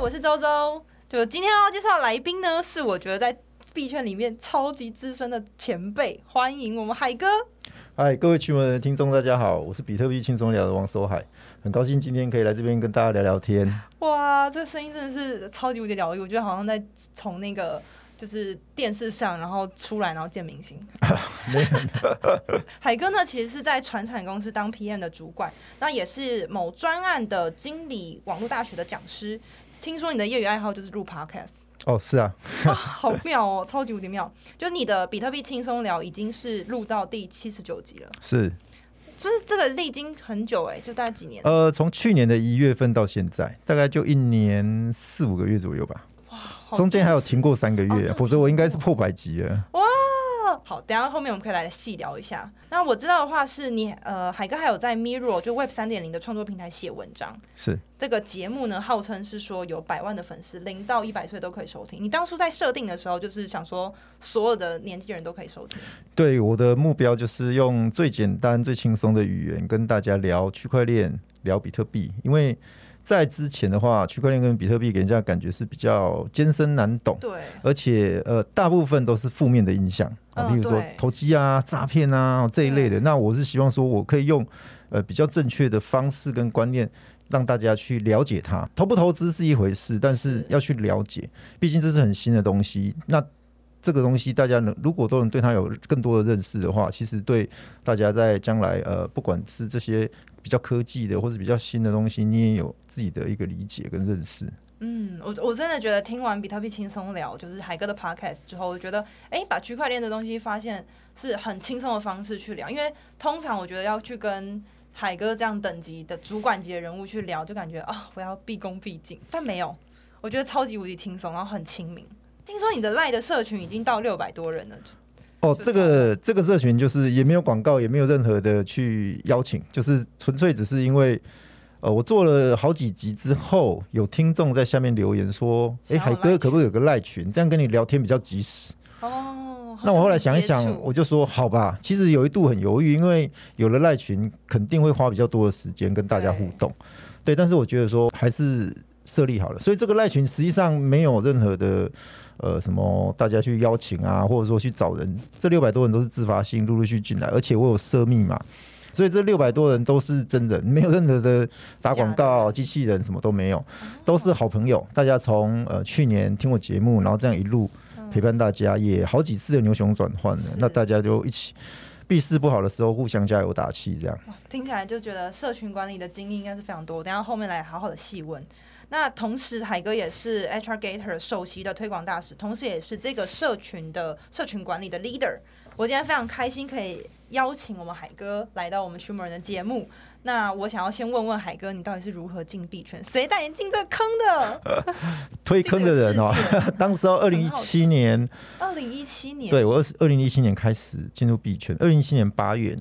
我是周周，就今天要介紹的來賓呢，是我覺得在幣圈裡面超級資深的前輩，歡迎我們海哥。嗨，各位區魔人的聽眾，大家好，我是比特幣輕鬆聊的王守海，很高興今天可以來這邊跟大家聊聊天。哇，這個聲音真的是超級無敵療癒，我覺得好像在從那個就是電視上，然後出來，然後見明星。海哥呢，其實是在傳產公司當 PM 的主管，那也是某專案的經理，網絡大學的講師。聽說你的業餘愛好就是錄 podcast，哦，是啊， 哇，好妙哦，超級無敵妙！就你的比特幣輕鬆聊已經是錄到第七十九集了，是，就是這個歷經很久哎，就大概幾年？呃，從去年的一月份到現在，大概就一年四五個月左右吧。哇，中間還有停過三個月，哦，否則我應該是破百集了。哇。哦、好，等下後面我們可以來細聊一下。那我知道的話是你呃，海哥還有在 Mirror 就 Web 三點零的創作平台寫文章，是這個節目呢，號稱是說有百萬的粉絲，零到一百歲都可以收聽。你當初在設定的時候，就是想說所有的年輕人都可以收聽。對，我的目標就是用最簡單、最輕鬆的語言跟大家聊區塊鏈、聊比特幣，因為。在之前的話，區塊鏈跟比特幣給人家感覺是比較艱深難懂，對，而且呃大部分都是負面的印象啊，比、哦、如說投機啊、對詐騙啊這一類的。那我是希望說我可以用呃比較正確的方式跟觀念讓大家去了解它。投不投資是一回事，但是要去了解，畢竟這是很新的東西。那這個東西大家能如果都能對它有更多的認識的話，其實對大家在將來呃，不管是這些比較科技的或是比較新的東西，你也有自己的一個理解跟認識。嗯，我我真的覺得聽完比特幣輕鬆聊，就是海哥的 podcast 之後，我覺得哎，把區塊鏈的東西發現是很輕鬆的方式去聊，因為通常我覺得要去跟海哥這樣等級的主管級的人物去聊，就感覺啊、哦，我要畢恭畢敬，但沒有，我覺得超級無敵輕鬆，然後很親民。聽說你的賴的社群已經到六百多人了，哦，oh, 就這個這個社群就是也沒有廣告，也沒有任何的去邀請，就是純粹只是因為，呃，我做了好幾集之後，有聽眾在下面留言說，哎，海哥可不可以有個賴群，這樣跟你聊天比較及時。哦，oh, 那我後來想一想，我就說好吧，其實有一度很猶豫，因為有了賴群肯定會花比較多的時間跟大家互動，對，對，但是我覺得說還是設立好了，所以這個賴群實際上沒有任何的。呃，什麼大家去邀請啊，或者說去找人，這六百多人都是自發性，陸陸續進來，而且我有設密碼，所以這六百多人都是真人，沒有任何的打廣告、假的、機器人什麼都沒有，嗯哦、都是好朋友。大家從呃去年聽我節目，然後這樣一路陪伴大家，也好幾次的牛熊轉換了，嗯、那大家就一起幣市，不好的時候互相加油打氣，這樣聽起來就覺得社群管理的經驗應該是非常多。等下後面來好好的細問。那同時，海哥也是 Extra Gator 首席的推廣大使，同時也是這個社群的社群管理的 leader。我今天非常開心可以邀請我們海哥來到我們 Chillmoren 的節目。那我想要先問問海哥，你到底是如何進幣圈？誰帶你進這坑的、呃？推坑的人哦。 當時候二零一七年，二零一七年，對我是二零一七年開始進入幣圈，二零一七年八月。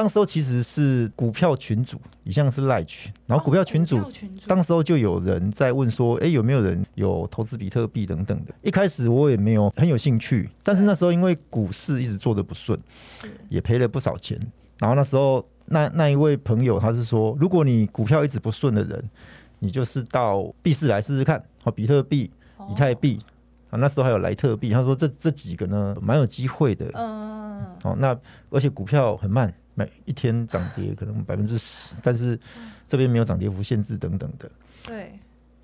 當時候其實是股票群組，一向是 LINE 群，然後股票群組，哦、群組當時候就有人在問說，哎、欸，有沒有人有投資比特幣等等的？一開始我也沒有很有興趣，但是那時候因為股市一直做得不順，是也賠了不少錢。然後那時候那那一位朋友他是說，如果你股票一直不順的人，你就是到幣市來試試看、哦，比特幣、以太幣，哦、啊，那時候還有萊特幣，他說這這幾個呢，蠻有機會的。嗯，哦，那而且股票很慢。每一天漲跌可能百分之十，但是這邊沒有漲跌幅限制等等的。對，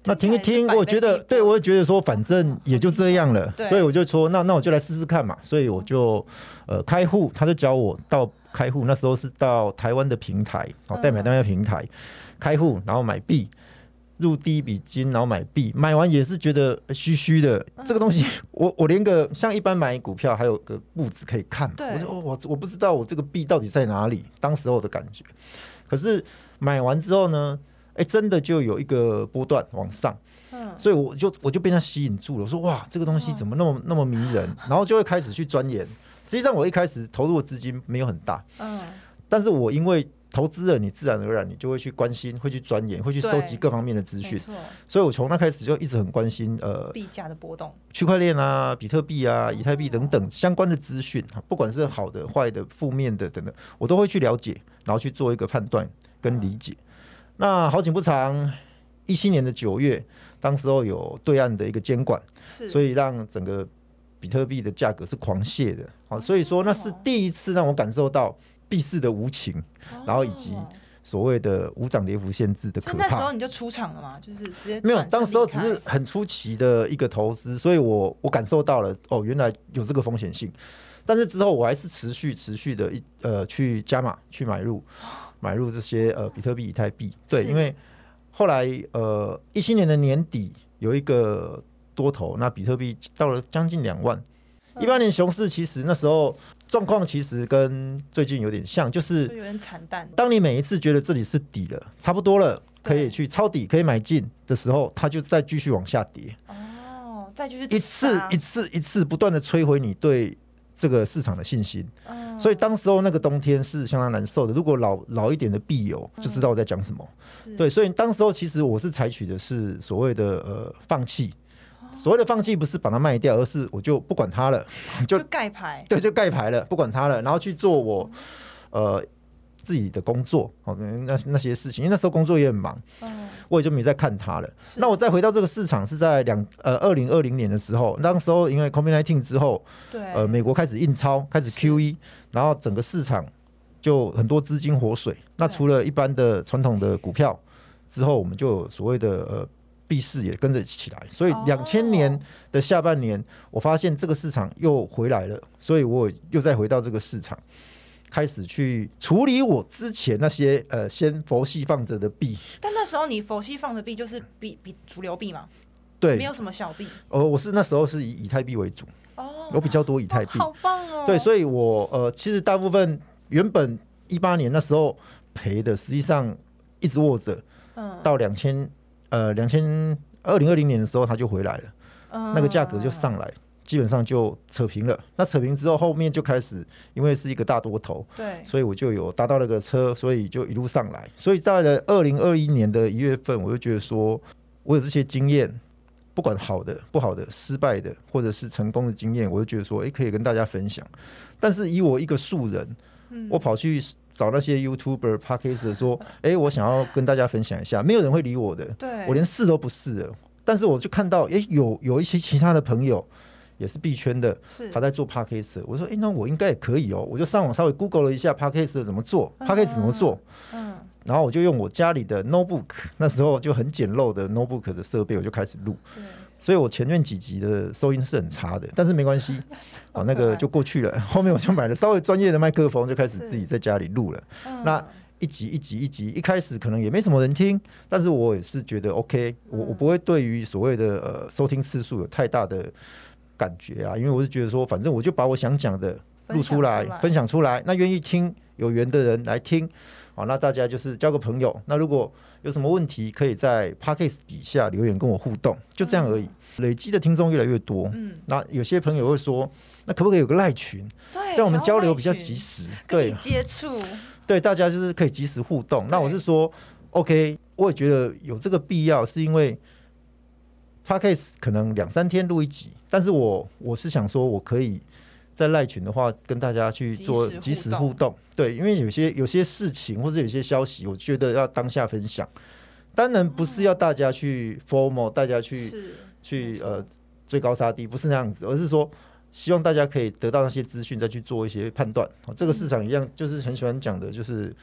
那聽一聽，對我覺得，對我也覺得說，反正也就這樣了，對所以我就說，那那我就來試試看嘛。所以我就呃開戶，他就教我到開戶，那時候是到台灣的平台哦，代買單位的平台、嗯、開戶，然後買幣。入第一筆金，然後買幣，買完也是覺得虛虛的。嗯、這個東西我，我我連個像一般買股票還有個步子可以看，對我就我我不知道我這個幣到底在哪裡。當時候的感覺，可是買完之後呢，誒、欸，真的就有一個波段往上，嗯、所以我就我就被它吸引住了。我說哇，這個東西怎麼那麼、嗯、那麼迷人？然後就會開始去鑽研。實際上我一開始投入的資金沒有很大，嗯，但是我因為。投資者，你自然而然你就會去關心，會去鑽研，會去收集各方面的資訊。所以我從那開始就一直很關心呃幣價的波動、區塊鏈啊、比特幣啊、以太幣等等相關的資訊啊，不管是好的、壞的、負面的等等，我都會去了解，然後去做一個判斷跟理解。那好景不長，一七年的九月，當時候有對岸的一個監管，是，所以讓整個比特幣的價格是狂瀉的。好，所以說那是第一次讓我感受到。幣市的無情，oh, no. 然後以及所謂的無漲跌幅限制的可怕，所以那時候你就出場了嘛？就是直接沒有。當時候只是很出奇的一個投資，所以我我感受到了哦，原來有這個風險性。但是之後我還是持續持續的一，一呃去加碼去買入買入這些呃比特幣、以太幣。對，是因為後來呃一七年的年底有一個多頭，那比特幣到了將近兩萬。一八、呃、年熊市其實那時候。狀況其實跟最近有點像，就是當你每一次覺得這裡是底了，差不多了，可以去抄底，可以買進的時候，它就再繼續往下跌。哦，再繼續跌一次一次一次不斷的摧毀你對這個市場的信心。哦，所以當時候那個冬天是相當難受的。如果老老一點的幣友就知道我在講什麼。嗯、對，所以當時候其實我是採取的是所謂的呃放棄。所謂的放棄不是把它賣掉，而是我就不管它了，就蓋牌。對，就蓋牌了，不管它了，然後去做我、嗯、呃自己的工作，好、喔，那那些事情。因為那時候工作也很忙，嗯，我也就沒再看它了。是那我再回到這個市場是在兩呃二零二零年的時候，那時候因為 COVID-19 之後，對，呃，美國開始印鈔，開始 QE，是然後整個市場就很多資金活水。對那除了一般的傳統的股票之後，我們就所謂的呃。幣市也跟着起來，所以兩千年的下半年，oh. 我發現這個市場又回來了，所以我又再回到這個市場，開始去處理我之前那些呃先佛系放着的幣。但那時候你佛系放着幣就是比比主流幣嘛？對，沒有什麼小幣。呃，我是那時候是以以太幣為主，哦，有比較多以太幣，好棒哦。對，所以我呃其實大部分原本一八年那時候賠的，實際上一直握着，嗯，oh. 到兩千。呃，兩千二零二零年的時候，他就回來了，嗯、那個價格就上來，基本上就扯平了。那扯平之後，後面就開始，因為是一個大多頭，對，所以我就有搭到那個車，所以就一路上來。所以到了二零二一年的一月份，我就覺得說我有這些經驗，不管好的、不好的、失敗的，或者是成功的經驗，我就覺得說，誒、欸，可以跟大家分享。但是以我一個素人，我跑去、嗯。找那些 YouTuber、Podcast 說：“哎、欸，我想要跟大家分享一下，沒有人會理我的，對我連試都不試。”但是我就看到，哎、欸，有有一些其他的朋友也是幣圈的，他在做 Podcast 是我說：“哎、欸，那我應該也可以哦、喔。”我就上網稍微 Google 了一下 Podcast 的怎麼做 Podcast 怎麼做。嗯。然後我就用我家裡的 Notebook，那時候就很簡陋的 Notebook 的設備，我就開始錄。對所以我前面幾集的收音是很差的，但是沒關係。 哦，那個就過去了。後面我就買了稍微專業的麥克風，就開始自己在家裡錄了。嗯、那一集一集一集，一開始可能也沒什麼人聽，但是我也是覺得 OK，我我不會對於所謂的呃收聽次數有太大的感覺啊，因為我是覺得說，反正我就把我想講的錄出來，分享出來，分享出來，那願意聽。有緣的人來聽，好，那大家就是交個朋友。那如果有什麼問題，可以在 Podcast 底下留言跟我互動，就這樣而已。嗯、累積的聽眾越來越多，嗯，那有些朋友會說，那可不可以有個賴群，這樣對我們交流比較及時，對，接觸，對，大家就是可以及時互動。那我是說對，OK，我也覺得有這個必要，是因為 Podcast 可能兩三天錄一集，但是我我是想說，我可以。在賴群的話，跟大家去做及時，時互動，對，因為有些有些事情或者有些消息，我覺得要當下分享。當然不是要大家去 FOMO、嗯、大家去是去呃是追高殺低，不是那樣子，而是說希望大家可以得到那些資訊，再去做一些判斷，哦。這個市場一樣，就是很喜歡講的，就是。嗯就是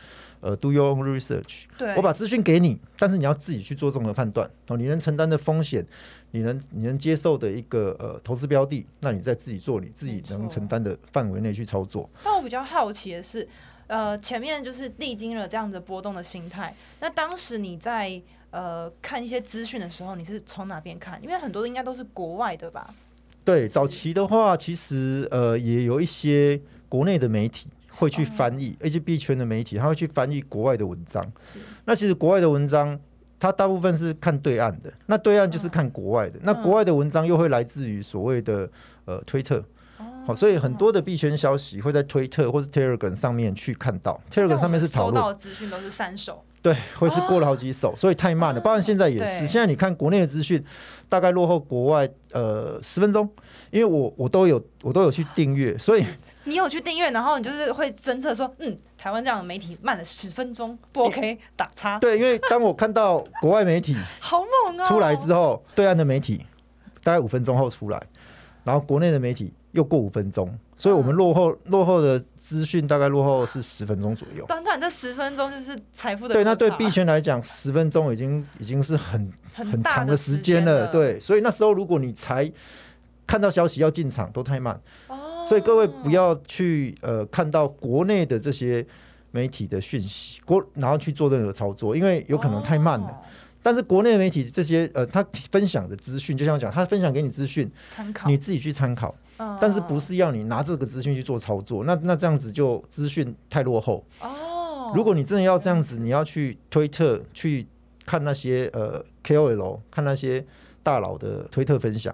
呃，do your own research 對。對，我把資訊給你，但是你要自己去做綜合判斷。哦，你能承擔的風險，你能你能接受的一個呃投資標的，那你在自己做你自己能承擔的範圍內去操作。但我比較好奇的是，呃，前面就是歷經了這樣子波動的心態，那當時你在呃看一些資訊的時候，你是從哪邊看？因為很多應該都是國外的吧？對，早期的話，其實呃也有一些國內的媒體。會去翻譯 A、G、B 圈的媒體，他會去翻譯國外的文章。是那其實國外的文章，他大部分是看對岸的。那對岸就是看國外的。嗯、那國外的文章又會來自於所謂的呃推特。嗯、好，所以很多的幣圈消息會在推特或是 Telegram 上面去看到。Telegram 上面是收到資訊都是三手。對，會是過了好幾首，哦、所以太慢了。包括現在也是，哦、現在你看國內的資訊，大概落後國外呃十分鐘。因為我我都有我都有去訂閱，所以你有去訂閱，然後你就是會偵測說，嗯，台灣這樣的媒體慢了十分鐘，不 OK，打叉。 對，因為當我看到國外媒體好猛啊出來之後，哦、對岸的媒體大概五分鐘後出來，然後國內的媒體又過五分鐘，所以我們落後、嗯、落後的。資訊大概落後是十分鐘左右，短短這十分鐘就是財富的。啊、對，那對幣圈來講，十分鐘已經已經是很很長的時間了。對，所以那時候如果你才看到消息要進場都太慢。所以各位不要去呃看到國內的這些媒體的訊息，國然後去做任何操作，因為有可能太慢了。哦、但是國內媒體這些呃，他分享的資訊就像我講，他分享給你資訊，你自己去參考。但是不是要你拿這個資訊去做操作？那那這樣子就資訊太落後哦。Oh, okay. 如果你真的要這樣子，你要去推特去看那些呃 KOL，看那些大佬的推特分享。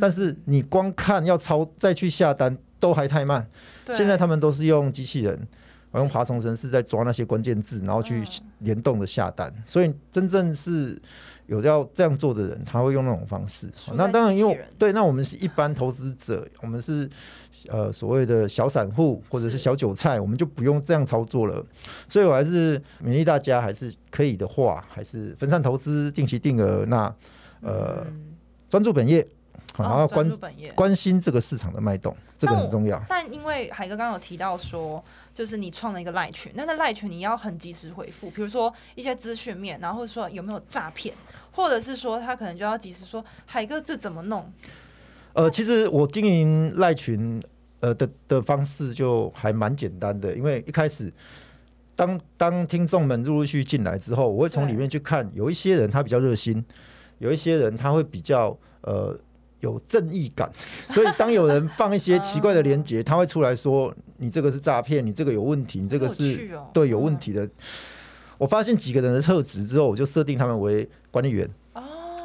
但是你光看要抄，再去下單都還太慢。Mm hmm. 現在他們都是用機器人，對用爬蟲程式在抓那些關鍵字，然後去聯動的下單。Oh. 所以真正是。有要這樣做的人，他會用那種方式。那當然，因為對，那我們是一般投資者，嗯、我們是呃所謂的小散戶或者是小韭菜，是我們就不用這樣操作了。所以我還是勉勵大家，還是可以的話，還是分散投資，定期定額。那呃，嗯、專注本業。然後關關心這個市場的脈動，這個很重要。但因為海哥剛剛有提到說，就是你創了一個賴群，那個賴群你要很及時回覆，比如說一些資訊面，然後說有沒有詐騙，或者是說他可能就要及時說，海哥這怎麼弄？呃，那其實我經營賴群呃的的方式就還蠻簡單的，因為一開始當當聽眾們陸陸續續進來之後，我會從裡面去看，對有一些人他比較熱心，有一些人他會比較呃。有正義感，所以當有人放一些奇怪的連結，他會出來說：“你這個是詐騙，你這個有問題，你這個是對有問題的。”我發現幾個人的特質之後，我就設定他們為管理員。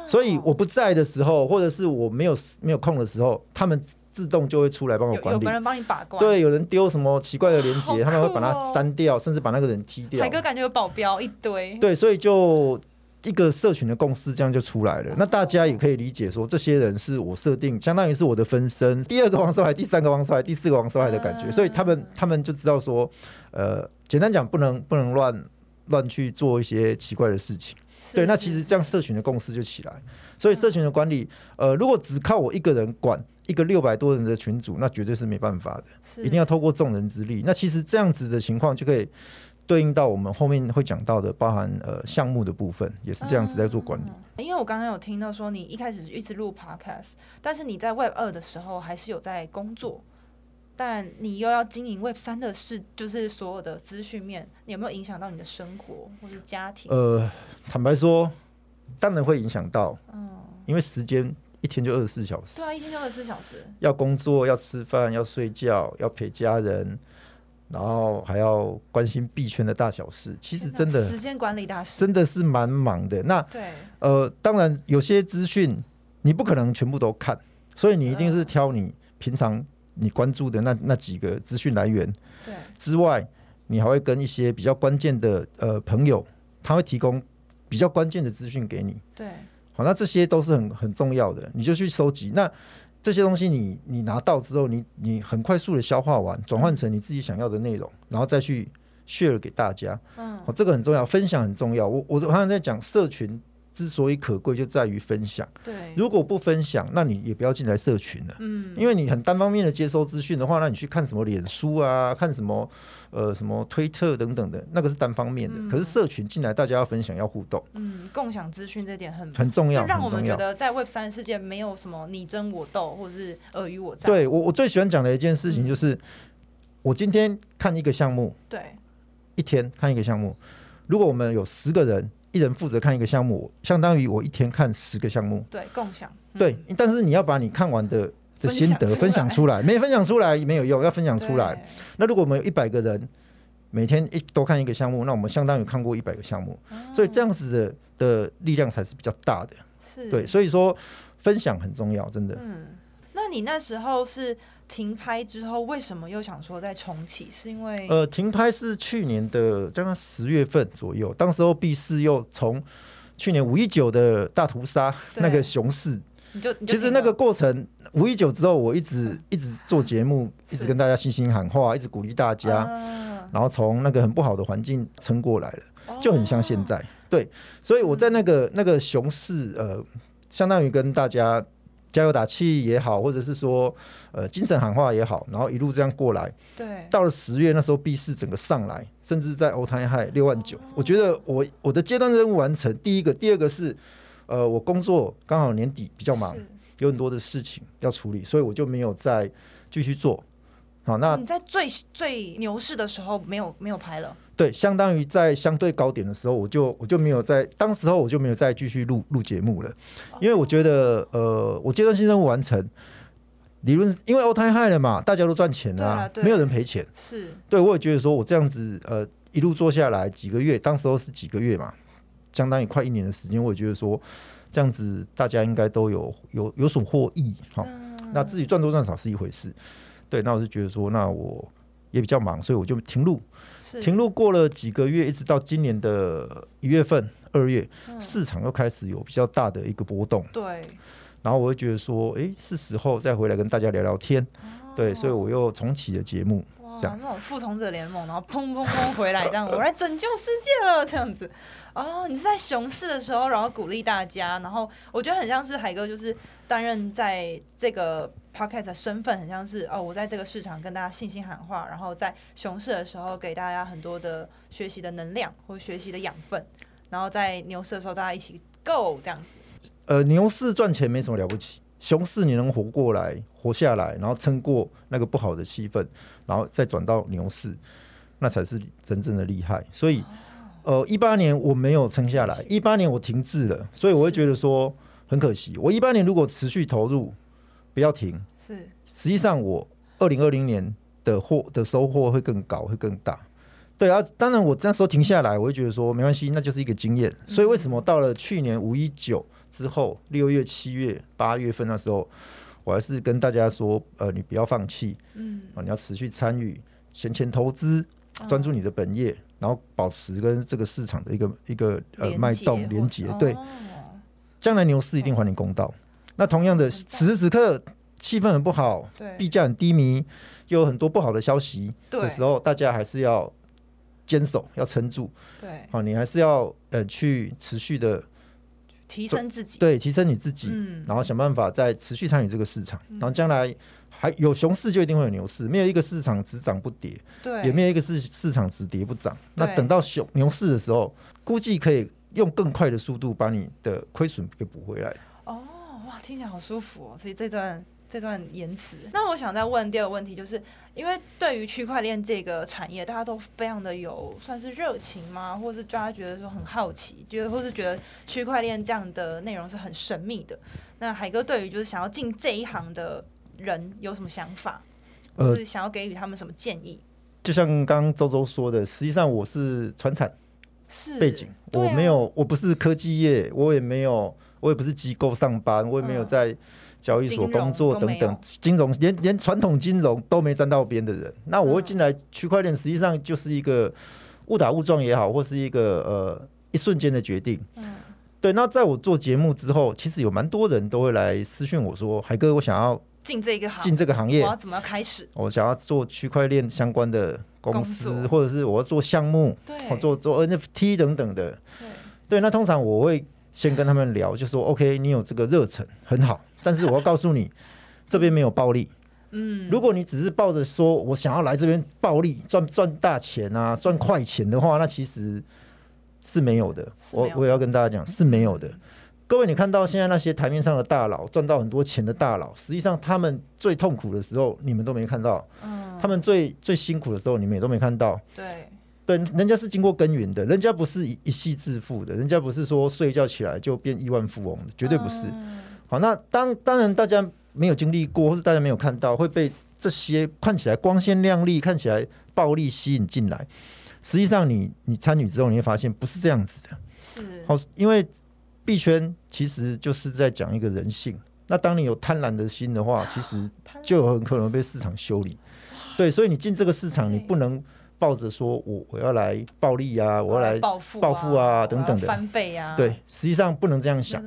所以我不在的時候，或者是我沒有沒有空的時候，他們自動就會出來幫我管理。有人幫你把關。對，有人丟什麼奇怪的連結，他們會把它刪掉，甚至把那個人踢掉。海哥感覺有保鏢一堆。對，所以就。一個社群的共識，這樣就出來了。那大家也可以理解說，這些人是我設定，相當於是我的分身。第二個王守海，第三個王守海，第四個王守海的感覺，所以他們他們就知道說，呃，簡單講，不能不能亂亂去做一些奇怪的事情。對，那其實這樣社群的共識就起來。所以社群的管理，呃，如果只靠我一個人管一個六百多人的群組，那絕對是沒辦法的。一定要透過眾人之力。那其實這樣子的情況就可以。對應到我們後面會講到的，包含呃項目的部分，也是這樣子在做管理。嗯嗯、因為我剛剛有聽到說，你一開始一直錄 Podcast，但是你在 Web 二的時候還是有在工作，但你又要經營 Web 三的事，就是所有的資訊面，你有沒有影響到你的生活或是家庭？呃，坦白說，當然會影響到，嗯，因為時間一天就二十四小時，對啊，一天就二十四小時，要工作，要吃飯，要睡覺，要陪家人。然後還要關心幣圈的大小事，其實真的、欸、那時間管理大師、真的是蠻忙的。那對呃，當然有些資訊你不可能全部都看，所以你一定是挑你平常你關注的那那幾個資訊來源。對，之外你還會跟一些比較關鍵的呃朋友，他會提供比較關鍵的資訊給你。對，好，那這些都是很很重要的，你就去收集那。這些東西你你拿到之後你，你你很快速的消化完，轉換成你自己想要的內容，然後再去 share 給大家。嗯，好、哦，這個很重要，分享很重要。我我剛剛在講社群之所以可貴就在於分享。對，如果不分享，那你也不要進來社群了。嗯，因為你很單方面的接收資訊的話，那你去看什麼臉書啊，看什麼呃什麼推特等等的，那個是單方面的。嗯、可是社群進來，大家要分享，要互動。嗯，共享資訊這點很很重要，就讓我們覺得在 Web 三世界沒有什麼你爭我鬥，或者是爾虞我詐。對，我我最喜歡講的一件事情就是，嗯、我今天看一個項目，對，一天看一個項目。如果我們有十個人。一人負責看一個項目，相當於我一天看十個項目。對，共享、嗯、對，但是你要把你看完的的心得分享，分享出來，沒分享出來也沒有用，要分享出來。對，那如果我們有一百個人，每天一都看一個項目，那我們相當於看過一百個項目，嗯、所以這樣子的的力量才是比較大的。是，對，所以說分享很重要，真的。嗯，那你那時候是？停拍之後，為什麼又想說再重啟？是因為呃，停拍是去年的將近十月份左右，當時候幣市又從去年五一九的大屠殺、嗯、那個熊市，你就，你就其實那個過程五一九之後，我一直、嗯、一直做節目，一直跟大家心心喊話，是一直鼓勵大家，嗯、然後從那個很不好的環境撐過來了，嗯、就很像現在對，所以我在那個那個熊市呃，相當於跟大家。加油打氣也好，或者是說，呃，精神喊話也好，然後一路這樣過來。對，到了十月那時候，幣市整個上來，甚至在 All Time High 六萬九。我覺得我我的階段任務完成，第一個，第二個是，呃，我工作剛好年底比較忙，是有很多的事情要處理，所以我就沒有再繼續做。好，那你在最最牛市的時候沒有沒有拍了？對，相當於在相對高點的時候，我就我就沒有在當時候我就沒有再繼續錄錄節目了，因為我覺得呃，我階段性任務完成，理論因為歐太嗨了嘛，大家都賺錢啦，啊，對啊，對，沒有人賠錢，是，對，我也覺得說我這樣子呃一路做下來幾個月，當時候是幾個月嘛，相當於快一年的時間，我也覺得說這樣子大家應該都有有有所獲益哈，嗯、那自己賺多賺少是一回事，對，那我就覺得說那我也比較忙，所以我就停錄。是停路過了幾個月，一直到今年的一月份、二月，嗯、市場又開始有比較大的一個波動。對，然後我會覺得說，哎，是時候再回來跟大家聊聊天。哦、對，所以我又重啟了節目，講哇樣那種復仇者聯盟，然後砰砰砰回來，這樣 我來拯救世界了，這樣子。哦，你是在熊市的時候，然後鼓勵大家，然後我覺得很像是海哥，就是擔任在這個。Podcast 的身份很像是哦，我在這個市場跟大家信心喊話，然後在熊市的時候給大家很多的學習的能量或學習的養分，然後在牛市的時候大家一起 go 這樣子。呃，牛市賺錢沒什麼了不起，熊市你能活過來、活下來，然後撐過那個不好的氣氛，然後再轉到牛市，那才是真正的厲害。所以，呃，一八年我沒有撐下來，一八年我停滯了，所以我會覺得說是很可惜。我一八年如果持續投入，不要停，是實際上我二零二零年的獲的收穫會更高，會更大。對啊，當然我那時候停下來，我會覺得說沒關係，那就是一個經驗。所以為什麼到了去年五一九之後，六月、七月、八月份那時候，我還是跟大家說，呃，你不要放棄，嗯啊，你要持續參與閒錢投資，專注你的本業，嗯、然後保持跟這個市場的一個一個呃脈連結、呃、動連接。我對，將、哦、來牛市一定還你公道。嗯那同樣的，帥此時此刻氣氛很不好，對，幣價很低迷，又有很多不好的消息的時候，對大家還是要堅守，要撐住，對，好、啊，你還是要呃去持續的提升自己，對，提升你自己，嗯、然後想辦法再持續參與這個市場，嗯、然後將來還有熊市就一定會有牛市，沒有一個市場只漲不跌，對，也沒有一個市市場只跌不漲，對那等到熊牛市的時候，估計可以用更快的速度把你的虧損給補回來。哇，聽起來好舒服哦！所以這段這段言辭，那我想再問第二個問題，就是因為對於區塊鏈這個產業，大家都非常的有算是熱情嗎？或是大家覺得說很好奇，覺得或是覺得區塊鏈這樣的內容是很神秘的。那海哥對於就是想要進這一行的人有什麼想法，或是想要給予他們什麼建議？呃、就像剛剛周周說的，實際上我是傳產是背景，我沒有，啊、我不是科技業，我也沒有。我也不是機構上班，我也沒有在交易所工作等等，金融，金融連連傳統金融都沒沾到邊的人，那我會進來區塊鏈實際上就是一個誤打誤撞也好，或是一個呃一瞬間的決定。嗯、對。那在我做節目之後，其實有蠻多人都會來私訊我說：“海哥，我想要進這個進這個行業，我要怎麼開始？我想要做區塊鏈相關的公司，作或者是我要做項目，對做做 NFT 等等的。對”對，那通常我會。先跟他們聊，就說 OK，你有這個熱忱很好，但是我要告訴你， 這邊沒有暴利。嗯，如果你只是抱着說我想要來這邊暴利、賺賺大錢啊、賺快錢的話，那其實是沒有的。我我也要跟大家講，是沒有的。 各位，你看到現在那些台面上的大佬賺到很多錢的大佬，實際上他們最痛苦的時候你們都沒看到。嗯，他們最最辛苦的時候你們也都沒看到。 對。對，人家是經過耕耘的，人家不是一夕致富的，人家不是說睡覺起來就變億萬富翁的，絕對不是。好，那當當然，大家沒有經歷過，或是大家沒有看到，會被這些看起來光鮮亮麗、看起來暴利吸引進來。實際上你，你你參與之後，你會發現不是這樣子的。好，因為幣圈其實就是在講一個人性。那當你有貪婪的心的話，其實就很可能被市場修理。對，所以你進這個市場，你不能。抱着說：“我我要來暴利啊！我要來暴富啊！等等的翻倍啊！對，實際上不能這樣想，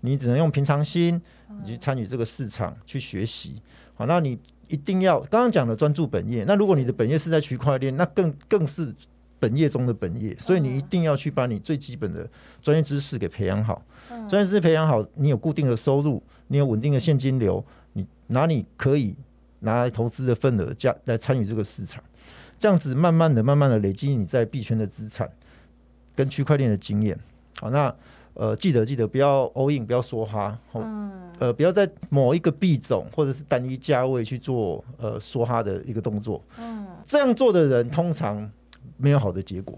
你只能用平常心，你去參與這個市場去學習。好，那你一定要剛剛講的專注本業。那如果你的本業是在區塊鏈，那更更是本業中的本業。所以你一定要去把你最基本的專業知識給培養好，專業知識培養好，你有固定的收入，你有穩定的現金流，你拿你可以拿來投資的份額加來參與這個市場。”這樣子慢慢的、慢慢的累積你在幣圈的資產跟區塊鏈的經驗。好，那呃，記得記得不要 all in，不要說哈。嗯。呃，不要在某一個幣種或者是單一價位去做呃說哈的一個動作。嗯。這樣做的人通常沒有好的結果。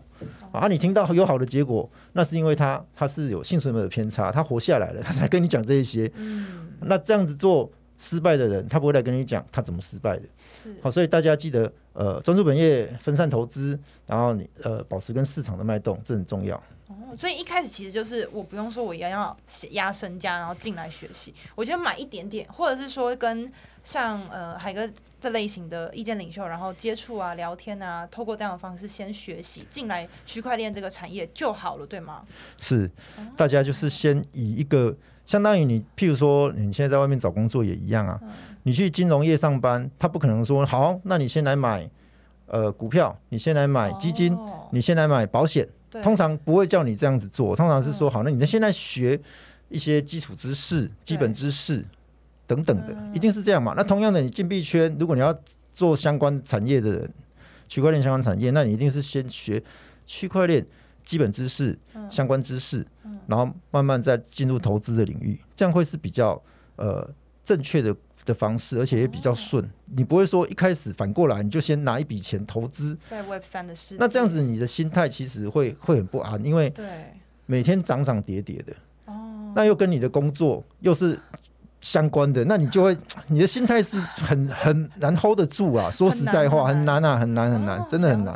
啊，你聽到有好的結果，那是因為他他是有性，存者的偏差，他活下來了，他才跟你講這一些。嗯。那這樣子做。失敗的人，他不會來跟你講他怎麼失敗的。是。好，所以大家記得，呃，專注本業，分散投資，然後你呃保持跟市場的脈動，這很重要。哦，所以一開始其實就是我不用說我一樣要壓身家，然後進來學習。我覺得買一點點，或者是說跟像呃海哥這類型的意見領袖，然後接觸啊、聊天啊，透過這樣的方式先學習，進來區塊鏈這個產業就好了，對嗎？是，嗯，大家就是先以一個。相當於你，譬如說你現在在外面找工作也一樣啊，你去金融業上班，他不可能說好，那你先來買，呃，股票，你先來買基金，你先來買保險，oh, 通常不會叫你這樣子做，對通常是說好，那你在現在學一些基礎知識、嗯、基本知識對等等的，一定是這樣嘛。那同樣的，你進幣圈，如果你要做相關產業的人，區塊鏈相關產業，那你一定是先學區塊鏈。基本知識，相關知識，然後慢慢再進入投資的領域，這樣會是比較呃正確的的方式，而且也比較順。你不會說一開始反過來，你就先拿一筆錢投資在 Web 三的事。那這樣子，你的心態其實會會很不安，因為對每天漲漲跌跌的哦，那又跟你的工作又是相關的，那你就會你的心態是很很難 hold 得住啊。說實在話，很難啊，很難很難，真的很難。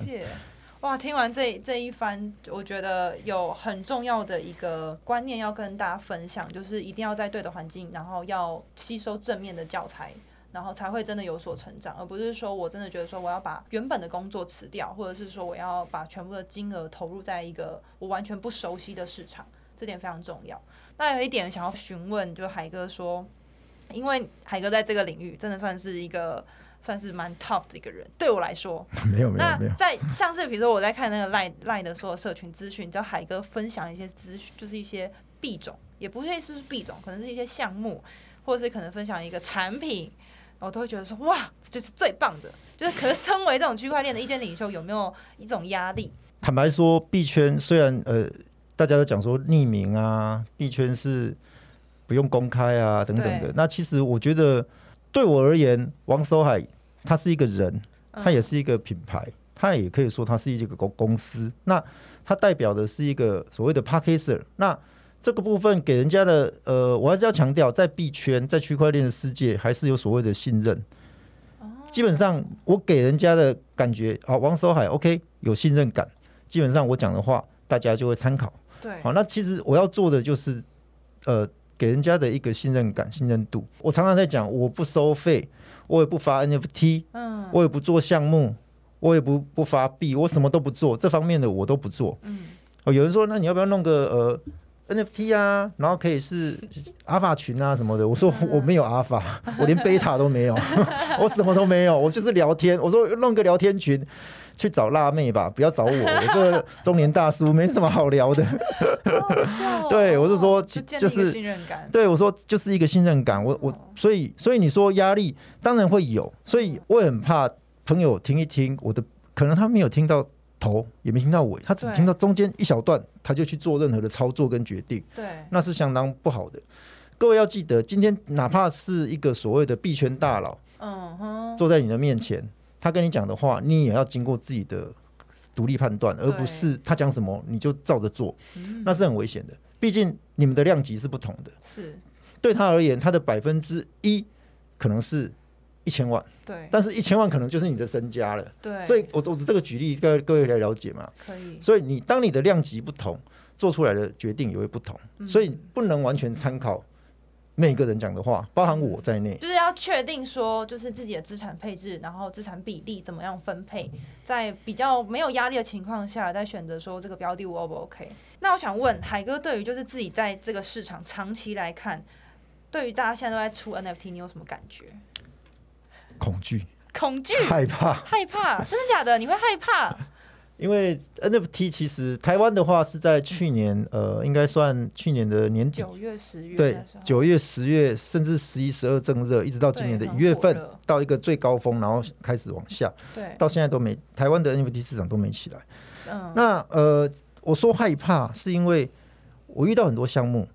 哇，聽完這這一番，我覺得有很重要的一個觀念要跟大家分享，就是一定要在對的環境，然後要吸收正面的教材，然後才會真的有所成長，而不是說我真的覺得說我要把原本的工作辭掉，或者是說我要把全部的金額投入在一個我完全不熟悉的市場，這點非常重要。那有一點想要詢問，就是海哥說，因為海哥在這個領域真的算是一個。算是蠻 top 的一個人，對我來說，沒有沒有沒有，沒有那，在像是比如說我在看那個賴賴的所有社群資訊，你知道海哥分享一些資訊，就是一些幣種，也不一定是幣種，可能是一些項目，或者是可能分享一個產品，我都會覺得說哇，這就是最棒的。就是，可能身為這種區塊鏈的意見領袖，有沒有一種壓力？坦白說，幣圈雖然呃大家都講說匿名啊，幣圈是不用公開啊等等的，對那其實我覺得。對我而言，王守海他是一個人，他也是一個品牌，他也可以說他是一個公公司。那他代表的是一個所謂的 parker。那這個部分給人家的呃，我還是要強調，在幣圈，在區塊鏈的世界，還是有所謂的信任。基本上，我給人家的感覺啊，王守海 OK 有信任感。基本上，我講的話，大家就會參考。對。好，那其實我要做的就是呃。給人家的一個信任感、信任度，我常常在講，我不收費，我也不發 NFT，嗯，我也不做項目，我也不不發幣，我什麼都不做，這方面的我都不做。哦，有人說，那你要不要弄個呃 NFT 啊？然後可以是 Alpha 群啊什麼的。我說我沒有 Alpha，我連貝塔都沒有， 我什麼都沒有，我就是聊天。我說弄個聊天群。去找辣妹吧，不要找我，我這個中年大叔 沒什麼好聊的。 對，我是說，哦哦就是信任感。就是、對我說，就是一個信任感。我、哦、我所以所以你說壓力當然會有，所以我很怕朋友聽一聽我的，可能他沒有聽到頭，也沒聽到尾，他只聽到中間一小段，他就去做任何的操作跟決定，對，那是相當不好的。各位要記得，今天哪怕是一個所謂的幣圈大佬，嗯哼，坐在你的面前。他跟你講的話，你也要經過自己的獨立判斷，而不是他講什麼你就照着做，對嗯、那是很危險的。畢竟你們的量級是不同的，是對他而言，他的百分之一可能是，一千萬，對，但是一千萬可能就是你的身家了，對、嗯。所以，我我這個舉例，跟各位來了解嘛，可以。所以，你當你的量級不同，做出來的決定也會不同，所以不能完全參考。每個人講的話，包含我在內，就是要確定說，就是自己的資產配置，然後資產比例怎麼樣分配，在比較沒有壓力的情況下，再選擇說這個標的我 O 不 OK？那我想問、嗯、海哥，對於就是自己在這個市場長期來看，對於大家現在都在出 NFT，你有什麼感覺？恐懼懼，恐懼懼，害怕，害怕，真的假的？你會害怕？ 因為 NFT 其實台灣的話是在去年，呃，應該算去年的年底九月十月對九月十月甚至十一十二正熱，一直到今年的一月份到一個最高峰，然後開始往下。對，到現在都沒台灣的 NFT 市場都沒起來。嗯，那呃，我說害怕是因為我遇到很多項目，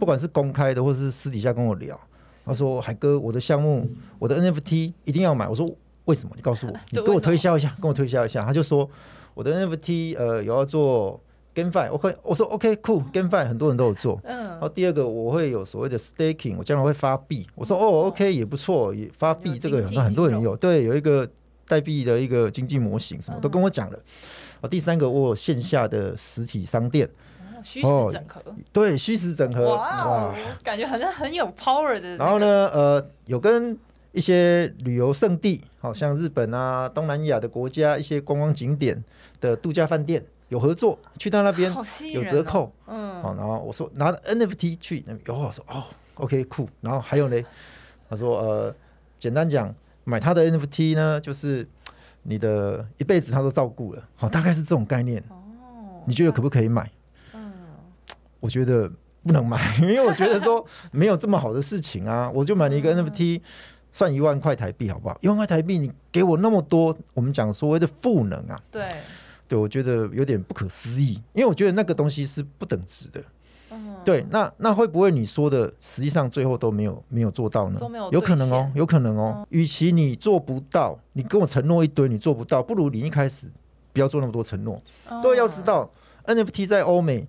不管是公開的或是私底下跟我聊，他說海哥，我的項目，我的 NFT 一定要買。我說。為什麼？你告訴我，你我跟我推銷一下，跟我推銷一下。他就說我的 NFT 呃有要做 GameFi，OK，我，我說 OK，Cool，GameFi、OK, 很多人都有做。嗯，然後第二個我會有所謂的 Staking，我將來會發幣。我說哦，OK、哦、也不錯，也發幣、嗯、經經這個很多很多人有，對，有一個代幣的一個經濟模型，什麼都跟我講了。嗯、然後第三個我有線下的實體商店，嗯哦、虛實整合、哦，對，虛實整合，哇、哦，哇哦、感覺好像很有 power 的、那個。然後呢，呃，有跟。一些旅游勝地，好像日本啊、東南亞的國家一些觀光景點的度假飯店有合作，去到那邊有折扣，啊、嗯，好，然後我說拿 NFT 去，然後我說哦，OK，酷、cool，然後還有呢，他說呃，簡單講，買他的 NFT 呢，就是你的一輩子他都照顧了，好，大概是這種概念，哦，你覺得可不可以買？嗯，我覺得不能買，因為我覺得說沒有這麼好的事情啊，嗯、我就買了一個 NFT。算一萬塊台幣好不好？一萬塊台幣，你給我那麼多，我們講所謂的賦能啊，對對，我覺得有點不可思議，因為我覺得那個東西是不等值的。嗯、對，那那會不會你說的實際上最後都沒有沒有做到呢？有，有可能哦、喔，有可能哦、喔。與、嗯、其你做不到，你跟我承諾一堆，你做不到，不如你一開始不要做那麼多承諾。都、嗯、要知道，NFT 在歐美，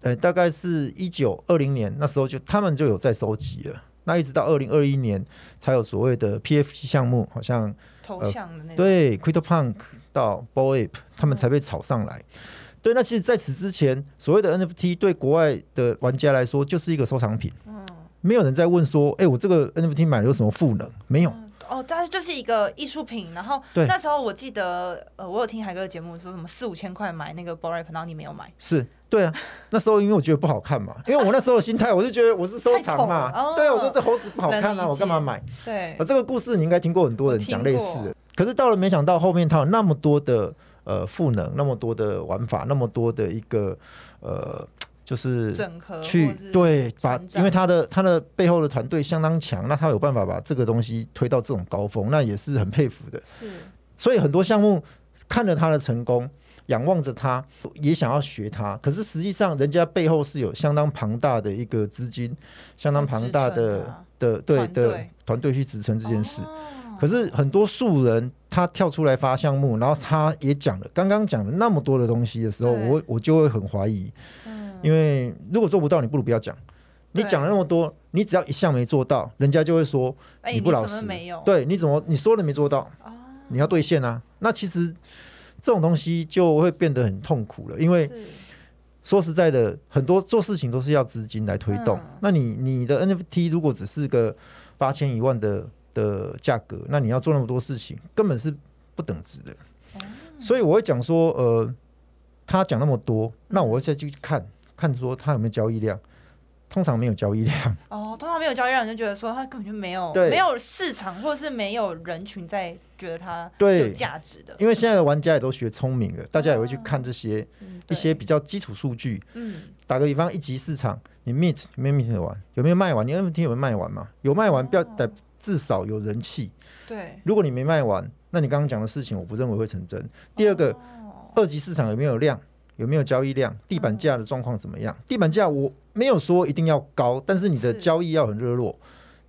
呃，大概是一九二零年那時候就他們就有在收集了。那一直到二零二一年才有所謂的 P F P 項目，好像，頭像的那種、呃、對，CryptoPunk 到 Bored Ape 他們才被炒上來。嗯、對，那其實在此之前，所謂的 NFT 對國外的玩家來說就是一個收藏品，嗯、沒有人在問說，哎、欸，我這個 NFT 買了有什麼賦能？沒有。嗯哦，但是就是一個藝術品，然後那時候我記得，對呃，我有聽海哥的節目說什麼四五千塊買那個 Bored Ape，然後你沒有買，是，對啊，那時候因為我覺得不好看嘛， 因為我那時候的心態，我就覺得我是收藏嘛，哦、對啊，我說這猴子不好看啊，我幹嘛買？對，啊、呃，這個故事你應該聽過很多人講類似的，可是到了沒想到後面它有那麼多的呃賦能，那麼多的玩法，那麼多的一個呃。就是去對，把因為他的他的背後的團隊相當強，那他有辦法把這個東西推到這種高峰，那也是很佩服的。是，所以很多項目看了他的成功，仰望着他也想要學他，可是實際上人家背後是有相當龐大的一個資金，相當龐大的的對的團隊去支撐這件事。可是很多素人他跳出來發項目，然後他也講了剛剛講了那麼多的東西的時候，我我就會很懷疑。因為如果做不到，你不如不要講。你講了那麼多，你只要一項沒做到，人家就會說你不老實。沒有對，你怎麼你說了沒做到？你要兌現啊。那其實這種東西就會變得很痛苦了。因為說實在的，很多做事情都是要資金來推動。那你你的 NFT 如果只是個八千一萬的的價格，那你要做那麼多事情，根本是不等值的。所以我會講說，呃，他講那麼多，那我再去看。看說它有沒有交易量，通常沒有交易量哦，通常沒有交易量，你就覺得說它根本就沒有，對沒有市場或者是沒有人群在覺得它有價值的。因為現在的玩家也都學聰明了，大家也會去看這些、哦、一些比較基礎數據。嗯，打個比方，一級市場，你 meet 沒有 meet 完，有沒有賣完？你 NFT 有沒有賣完嘛？有賣完，不要得至少有人氣。對，如果你沒賣完，那你剛剛講的事情我不認為會成真。第二個，哦、二級市場有沒有量？有沒有交易量？地板價的狀況怎麼樣？嗯、地板價我沒有說一定要高，但是你的交易要很熱絡。是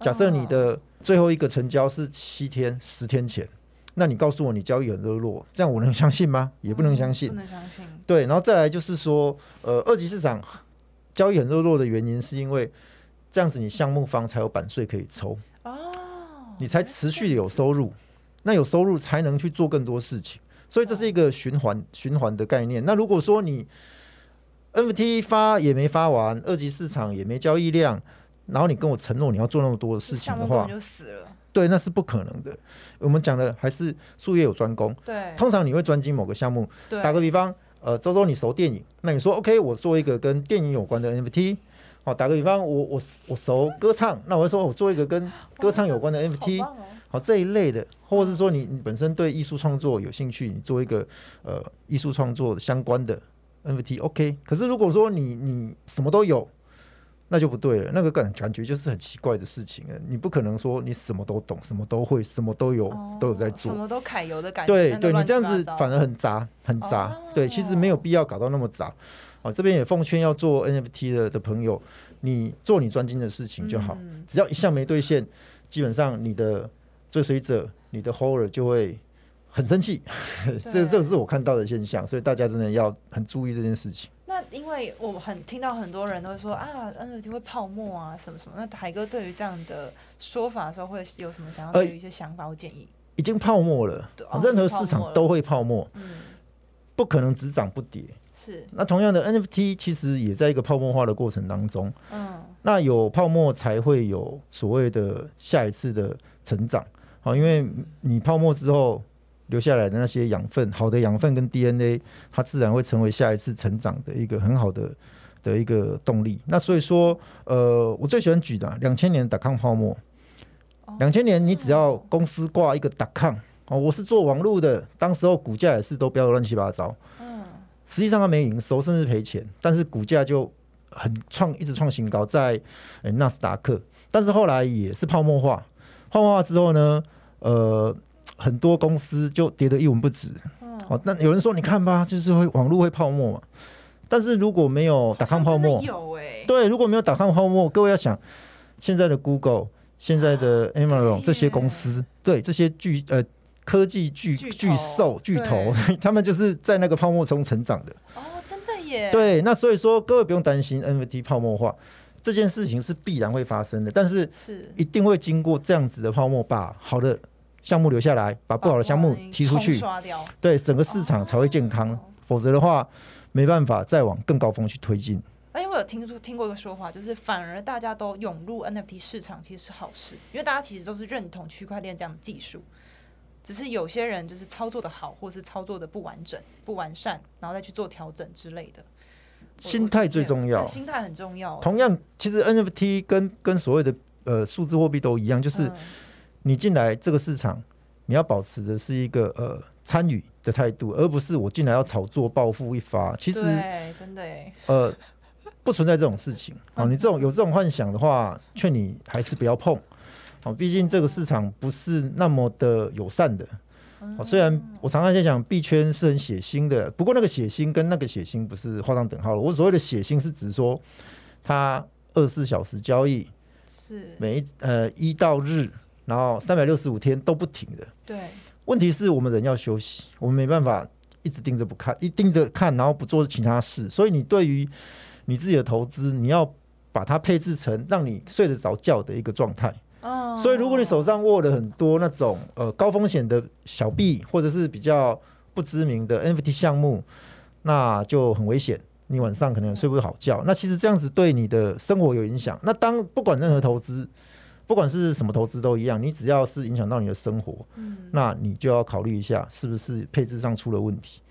假設你的最後一個成交是七天、十天前，那你告訴我你交易很熱絡，這樣我能相信嗎？也不能相信。嗯、不能相信。對，然後再來就是說，呃，二級市場交易很熱絡的原因，是因為這樣子你項目方才有版稅可以抽哦，嗯、你才持續有收入，那有收入才能去做更多事情。所以這是一個循環循環的概念。那如果說你 NFT 發也沒發完，二級市場也沒交易量，然後你跟我承諾你要做那麼多的事情的話，對，那是不可能的。我們講的還是術業有專攻。對，通常你會專精某個項目。對。打個比方，呃，周周你熟電影，那你說 OK，我做一個跟電影有關的 NFT。好，打個比方，我我我熟歌唱，那我就說我做一個跟歌唱有關的 NFT。好，這一類的，或者是說你你本身對藝術創作有興趣，你做一個呃藝術創作相關的 NFT OK。可是如果說你你什麼都有，那就不對了，那個感感覺就是很奇怪的事情了。你不可能說你什麼都懂，什麼都會，什麼都有、哦、都有在做，什麼都揩油的感覺。對對，你這樣子反而很雜很雜。哦、對，其實沒有必要搞到那麼雜。好、哦啊，這邊也奉勸要做 NFT 的的朋友，你做你專精的事情就好，嗯、只要一項沒兌現，嗯、基本上你的。追隨者，你的 holder 就會很生氣，這對這是我看到的現象，所以大家真的要很注意這件事情。那因為我很聽到很多人都會說啊，NFT 會泡沫啊，什麼什麼。那海哥對於這樣的說法的時候，會有什麼想要給予一些想法？或、欸、建議，已經泡沫了，哦、任何市場都會泡沫，嗯、哦，不可能只漲不跌。是、嗯。那同樣的 NFT 其實也在一個泡沫化的過程當中，嗯，那有泡沫才會有所謂的下一次的成長。啊，因為你泡沫之後留下來的那些養分，好的養分跟 DNA，它自然會成為下一次成長的一個很好的的一個動力。那所以說，呃，我最喜歡舉的啊，兩千年達康泡沫，兩千年你只要公司掛一個達康，哦，我是做網絡的，當時候股價也是都飆得亂七八糟，嗯，實際上它沒營收，甚至賠錢，但是股價就很創一直創新高，在納斯達克，但是後來也是泡沫化，泡沫化之後呢？呃，很多公司就跌得一文不值。哦，那有人說你看吧，就是會網絡會泡沫嘛。但是如果沒有達康泡沫，有哎、欸，對，如果沒有達康泡沫，各位要想現在的 Google、現在的，的 Amazon、啊、這些公司，對這些巨呃科技巨巨獸巨頭，他們就是在那個泡沫中成長的。哦，真的耶。對，那所以說各位不用擔心 NFT 泡沫化。這件事情是必然會發生的，但是是一定會經過這樣子的泡沫，把好的項目留下來，把不好的項目踢出去，對整個市場才會健康。哦、否則的話，沒辦法再往更高峰去推進。那因為、哎、我有聽說聽過一個說法，就是反而大家都湧入 NFT 市場，其實是好事，因為大家其實都是認同區塊鏈這樣的技術，只是有些人就是操作的好，或是操作的不完整、不完善，然後再去做調整之類的。心態最重要，心態很重要。同樣，其實 NFT 跟跟所有的呃數字貨幣都一樣，就是你進來這個市場，你要保持的是一個呃參與的態度，而不是我進來要炒作暴富一發。其實真的，呃，不存在這種事情啊。你這種有這種幻想的話，勸你還是不要碰好，畢竟這個市場不是那麼的友善的。雖然我常常在講幣圈是很血腥的，不過那個血腥跟那個血腥不是畫上等號了。我所謂的血腥是指說，它二十四小時交易，是每一呃一到日，然後三百六十五天都不停的。對，問題是我們人要休息，我們沒辦法一直盯着不看，一盯着看然後不做其他事。所以你對於你自己的投資，你要把它配置成讓你睡得着覺的一個狀態。所以如果你手上握了很多那種呃高風險的小幣，或者是比較不知名的 NFT 項目，那就很危險。你晚上可能睡不好覺。那其實這樣子對你的生活有影響。那當不管任何投資，不管是什麼投資都一樣，你只要是影響到你的生活，那你就要考慮一下是不是配置上出了問題。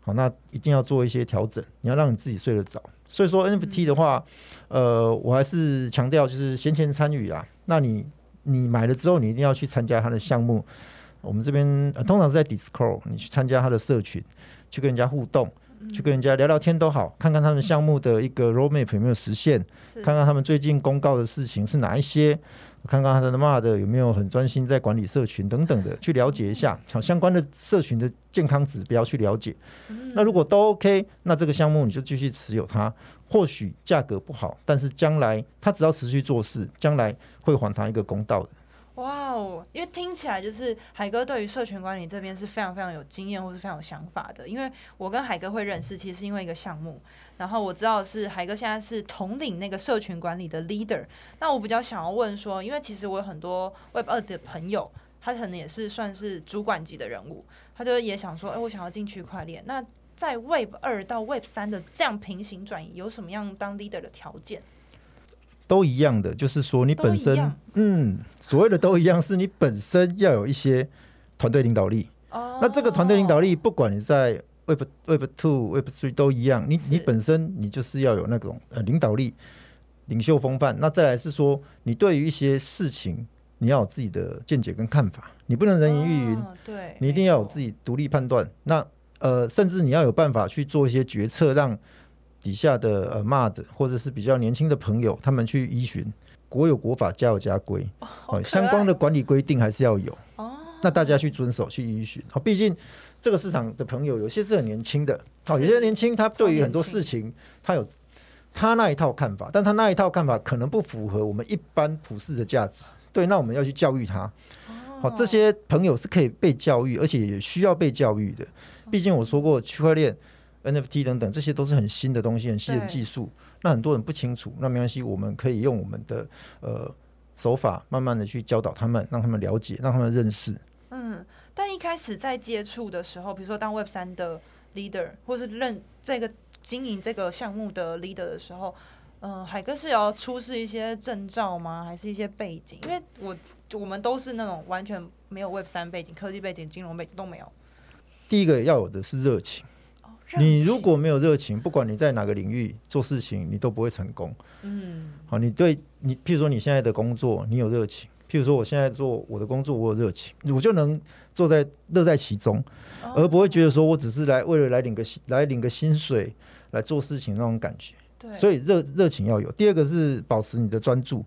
好，那一定要做一些調整，你要讓你自己睡得著。所以說 NFT 的話，呃，我還是強調就是先前參與啊。那你你買了之後，你一定要去參加他的項目。嗯、我們這邊、呃、通常是在 Discord，你去參加他的社群，去跟人家互動，嗯、去跟人家聊聊天都好，看看他們項目的一個 Roadmap 有沒有實現，是看看他們最近公告的事情是哪一些。看看他的罵的有沒有很專心在管理社群等等的，去了解一下，好相關的社群的健康指標去了解。那如果都 OK，那這個項目你就繼續持有它。或許價格不好，但是將來他只要持續做事，將來會還他一個公道的。哇哦！Wow, 因為聽起來就是海哥對於社群管理這邊是非常非常有經驗，或是非常有想法的。因為我跟海哥會認識，其實是因為一個項目。然後我知道是海哥現在是統領那個社群管理的 leader。那我比較想要問說，因為其實我有很多 Web 二的朋友，他可能也是算是主管級的人物，他就也想說，哎、欸，我想要進區塊鏈。那在 Web 二到 Web 三的這樣平行轉移，有什麼樣當 leader 的條件？都一樣的，就是說你本身，嗯，所謂的都一樣，是你本身要有一些團隊領導力。哦。那這個團隊領導力，不管你在 Web, Web 2, Web Two、Web Three 都一樣，你你本身你就是要有那種呃領導力、領袖風範。那再來是說，你對於一些事情，你要有自己的見解跟看法，你不能人云亦云。哦。對。你一定要有自己獨立判斷。有那呃，甚至你要有辦法去做一些決策，讓。底下的呃罵的，或者是比較年輕的朋友，他們去依循國有國法，家有家規，哦，oh, okay. 相關的管理規定還是要有。哦，oh. 那大家去遵守去依循。好，哦，畢竟這個市場的朋友有些是很年輕的，好，哦，有些年輕他對於很多事情他有他那一套看法，但他那一套看法可能不符合我們一般普世的價值。對，那我們要去教育他。好，哦哦，這些朋友是可以被教育，而且也需要被教育的。畢竟我說過區塊鏈。NFT 等等，這些都是很新的東西，很新的技術。對那很多人不清楚，那沒關係，我們可以用我們的呃手法，慢慢的去教導他們，讓他們了解，讓他們認識。嗯，但一開始在接觸的時候，比如說當 Web 三的 leader，或者是認這個經營這個項目的 leader 的時候，嗯、呃，海哥是要出示一些證照嗎？還是一些背景？因為我我們都是那種完全沒有 Web 三背景、科技背景、金融背景都沒有。第一個要有的是熱情。你如果沒有熱情，不管你在哪個領域做事情，你都不會成功。嗯，好，你對你，譬如說你現在的工作，你有熱情，譬如說我現在做我的工作，我有熱情，我就能做在樂在其中，而不會覺得說我只是來為了來領個來領個薪水來做事情那種感覺。對，所以熱熱情要有。第二個是保持你的專注，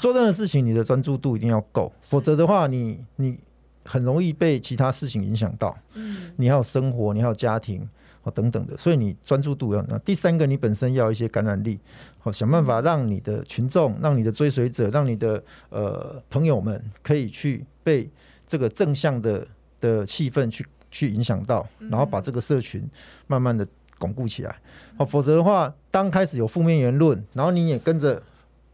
做任何事情，你的專注度一定要夠，否則的話，你你很容易被其他事情影響到。嗯，你還有生活，你還有家庭。好，等等的，所以你專注度要高。第三個，你本身要一些感染力，好，想辦法讓你的群眾、讓你的追隨者、讓你的呃朋友們可以去被這個正向的的氣氛去去影響到，然後把這個社群慢慢的鞏固起來。好，否則的話，當開始有負面言論，然後你也跟着，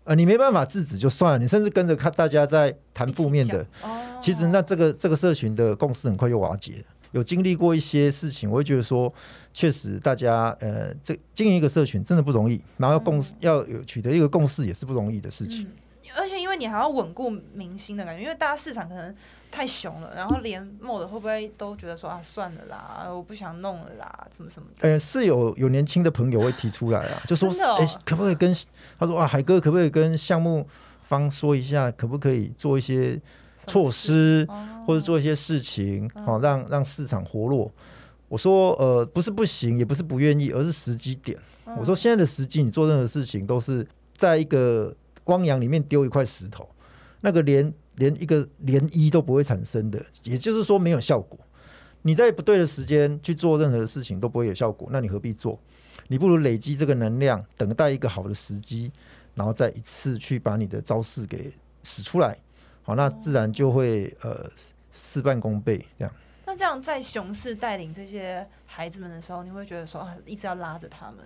呃，你沒辦法制止就算了，你甚至跟着看大家在談負面的，哦，其實那這個這個社群的共識很快又瓦解。有經歷過一些事情，我會覺得說，確實大家，呃，這經營一個社群真的不容易，然後要共、嗯、要有取得一個共識也是不容易的事情。嗯、而且因為你還要穩固民心的感覺，因為大家市場可能太熊了，然後連 Mod 會不會都覺得說啊，算了啦，我不想弄了啦，怎麼怎麼的？呃，是有有年輕的朋友會提出來啊， 就說，哎、哦欸，可不可以跟他說啊，海哥，可不可以跟項目方說一下，可不可以做一些？措施或者做一些事情，好、哦啊、讓讓市場活絡。我說，呃，不是不行，也不是不願意，而是時機點。我說，現在的時機，你做任何事情都是在一個汪洋裡面丟一塊石頭，那個連連一個漣漪都不會產生的，也就是說沒有效果。你在不對的時間去做任何的事情都不會有效果，那你何必做？你不如累積這個能量，等待一個好的時機，然後再一次去把你的招式給使出來。好、哦，那自然就會呃事半功倍這樣。那這樣在熊市帶領這些孩子們的時候，你會，會覺得說啊，一直要拉着他們？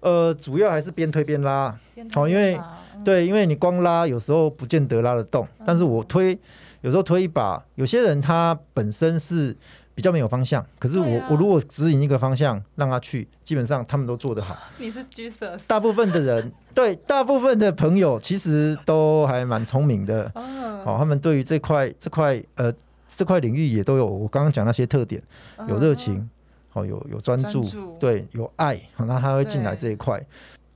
呃，主要還是邊推邊拉。好、啊哦，因為、嗯、對，因為你光拉有時候不見得拉得動，但是我推、嗯、有時候推一把，有些人他本身是。比較沒有方向，可是我、啊、我如果指引一個方向讓他去，基本上他們都做得好。你是橘色。大部分的人 對大部分的朋友其實都還蠻聰明的，啊、哦，他們對於這塊這塊呃這塊領域也都有我剛剛講那些特點，啊、有熱情，哦，有有專注，注，對，有愛，那、哦、他會進來這一塊。對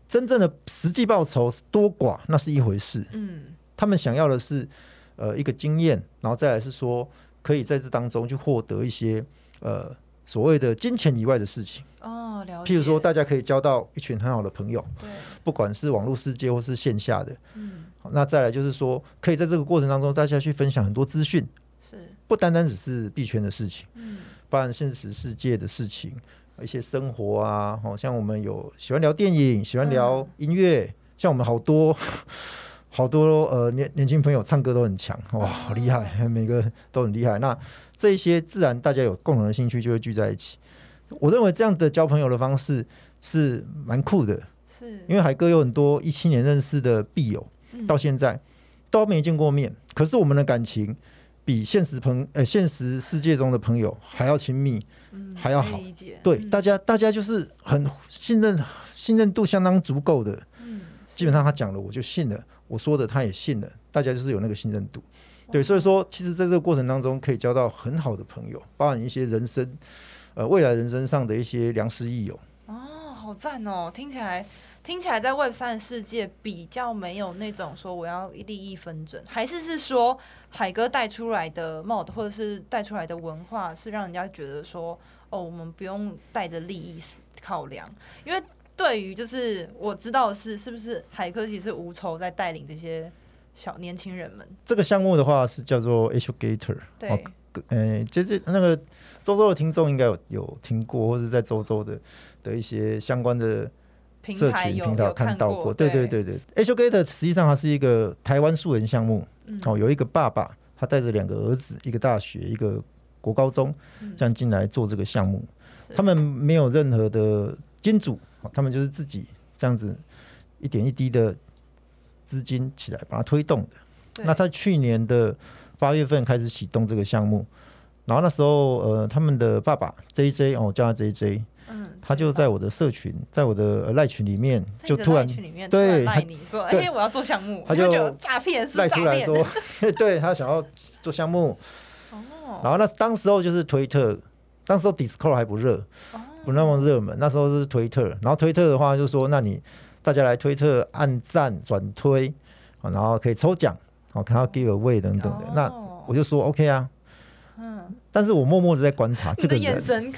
真正的實際報酬多寡那是一回事，嗯，他們想要的是呃一個經驗，然後再來是說可以在這當中去獲得一些呃所謂的金錢以外的事情哦，譬如說大家可以交到一群很好的朋友，對不管是網絡世界或是線下的，嗯，那再來就是說可以在這個過程當中大家去分享很多資訊，是不單單只是幣圈的事情，嗯，包含現實世界的事情，一些生活啊，好像我們有喜歡聊電影，喜歡聊音樂，嗯、像我們好多呵呵。好多呃年年輕朋友唱歌都很強哇，好厲害，每個都很厲害。那這一些自然大家有共同的興趣就會聚在一起。我認為這樣的交朋友的方式是蠻酷的，是。因為海哥有很多一七年認識的幣友，到現在、嗯、都沒見過面，可是我們的感情比現實朋呃、欸、現實世界中的朋友還要親密，嗯、還要好。嗯、理解、對，大家大家就是很信任，信任度相當足夠的。嗯、基本上他講了，我就信了。我說的他也信了，大家就是有那個信任度，對，所以說其實在這個過程當中可以交到很好的朋友，包含一些人生，呃，未來人生上的一些良師益友。哦，好讚哦！聽起來聽起來，在 Web 三的世界比較沒有那種說我要利益紛爭，還是是說海哥帶出來的 mode，或者是帶出來的文化，是讓人家覺得說哦，我們不用帶着利益考量，因為。對於，就是我知道的是是不是海科其實無仇在帶領這些小年輕人們。這個項目的話是叫做 Hugator，對，呃、哦，就是那個周周的聽眾應該有有聽過，或者在周周的的一些相關的社群平台、平台看到過。過對對對對，Hugator 實際上它是一個台灣素人項目，嗯、哦，有一個爸爸，他帶着兩個兒子，一個大學，一個國高中，這樣進來做這個項目，嗯、他們沒有任何的金主。他們就是自己這樣子一點一滴的資金起來，把它推動的。對那他去年的八月份開始啟動這個項目，然後那時候呃，他們的爸爸 J J 哦，叫他 J J，他就在我的社群，在我的賴群裡面，就突然你對，賴你說：“因為對、欸、我要做項目。”他就詐騙賴出來，欸、說 對，他想要做項目。哦、然後那當時候就是 Twitter，當時候 Discord 還不熱。哦不那麼熱門，那時候是推特，然後推特的話就說，那你大家來推特按讚轉推，然後可以抽獎，哦，看到 give away 等等的。那我就說 OK 啊，嗯，但是我默默的在觀察這個人，眼神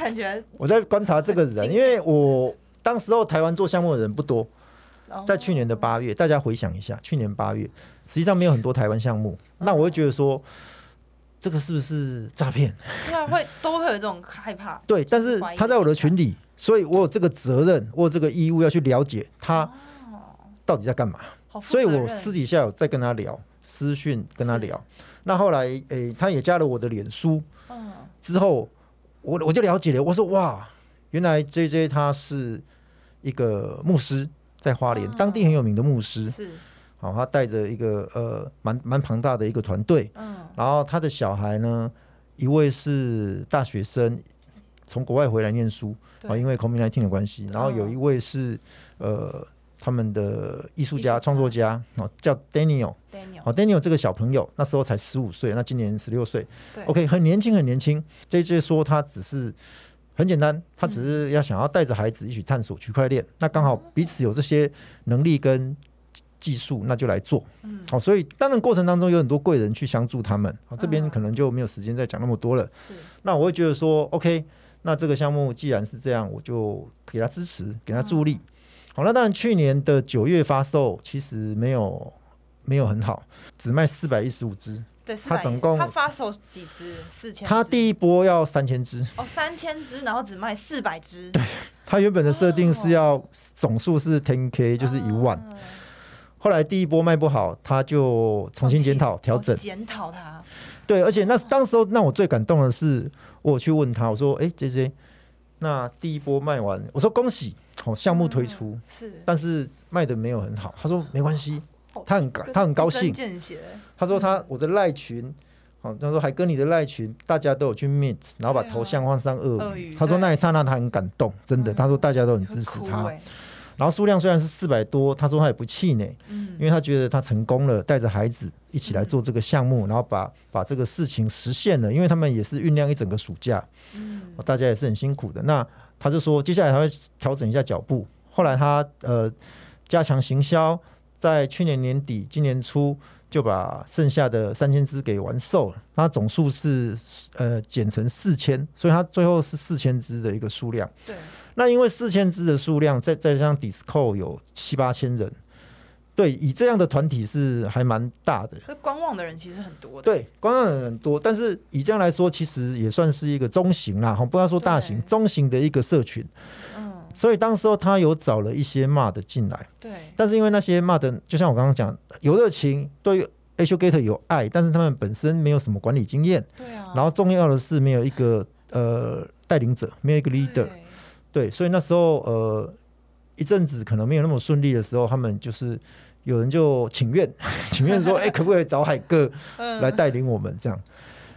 我在觀察這個人，因為我當時候台灣做項目的人不多，在去年的八月，大家回想一下，去年八月實際上沒有很多台灣項目，嗯，那我就覺得說。這個是不是詐騙？對啊，會都會有這種害怕。 對，但是他在我的群裡，所以我有這個責任， 我有這個義務要去了解他到底在幹嘛。哦、所以，我私底下有在跟他聊私訊，跟他聊。是那後來，誒、欸，他也加了我的臉書。嗯。之後，我我就了解了。我說哇，原來 JJ 他是一個牧師，在花蓮、嗯、當地很有名的牧師。嗯、是。哦，他帶着一個呃，蠻蠻龐大的一個團隊。嗯。然後他的小孩呢，一位是大學生，從國外回來念書。啊、嗯哦，因為孔明來聽的關係。嗯、然後有一位是呃，他們的藝術家、術家創作家。啊、哦，叫 Daniel。Daniel。好、哦、Daniel 這個小朋友那時候才十五歲，那今年十六歲。對。OK，很年輕，很年輕。這就是說，他只是很簡單，他只是要想要帶着孩子一起探索區塊鏈。嗯、那剛好彼此有這些能力跟。技術那就來做，好、嗯哦，所以當然過程當中有很多貴人去相助他們，哦、這邊可能就沒有時間再講那麼多了。是、嗯，那我會覺得說是，OK，那這個項目既然是這樣，我就給他支持，給他助力。嗯、好那當然去年的九月發售其實沒有沒有很好，只賣四百一十五只。對，40, 他總共他發售幾只？四千。他第一波要三千只。哦，三千只，然後只賣四百只。對，他原本的設定是要、哦、總數是 ten k，就是一萬。哦後來第一波賣不好，他就重新檢討、調、哦、整、檢討、哦、他。對，而且那當時候，我最感動的是，我去問他，我說：“哎、欸、姐姐，那第一波賣完，我說恭喜，好、哦、項目推出，嗯、是，但是賣得沒有很好。”他說：“沒關係，他很感，他很高興。他真真欸”他說他：“他、嗯、我的賴群、哦，他說還跟你的賴群，大家都有去 meet，然後把頭像換上。’鱷魚。哦”魚他說：“那一剎那，他很感動，對真的。”他說：“大家都很支持他。嗯”然後數量雖然是四百多，他說他也不氣餒，因為他覺得他成功了，帶着孩子一起來做這個項目，然後把把這個事情實現了，因為他們也是醞釀一整個暑假，大家也是很辛苦的。那他就說接下來他會調整一下腳步，後來他呃加強行銷，在去年年底、今年初就把剩下的三千隻給完售了，他總數是呃減成四千，所以他最後是四千隻的一個數量。對。那因為四千隻的數量，再再加上 Discord 有七八千人，對，以這樣的團體是還蠻大的。那觀望的人其實很多的。對，觀望的人很多，但是以這樣來說，其實也算是一個中型啦，哈，不要說大型，對中型的一個社群。嗯。所以當時候他有找了一些 MOD 進來，對。但是因為那些 MOD，就像我剛剛講，有熱情，對 Hugator 有愛，但是他們本身沒有什麼管理經驗，對啊。然後重要的是，沒有一個呃帶領者，沒有一個 leader。對，所以那時候呃，一陣子可能沒有那麼順利的時候，他們就是有人就請願，請願說，哎、 欸，可不可以找海哥來帶領我們這樣？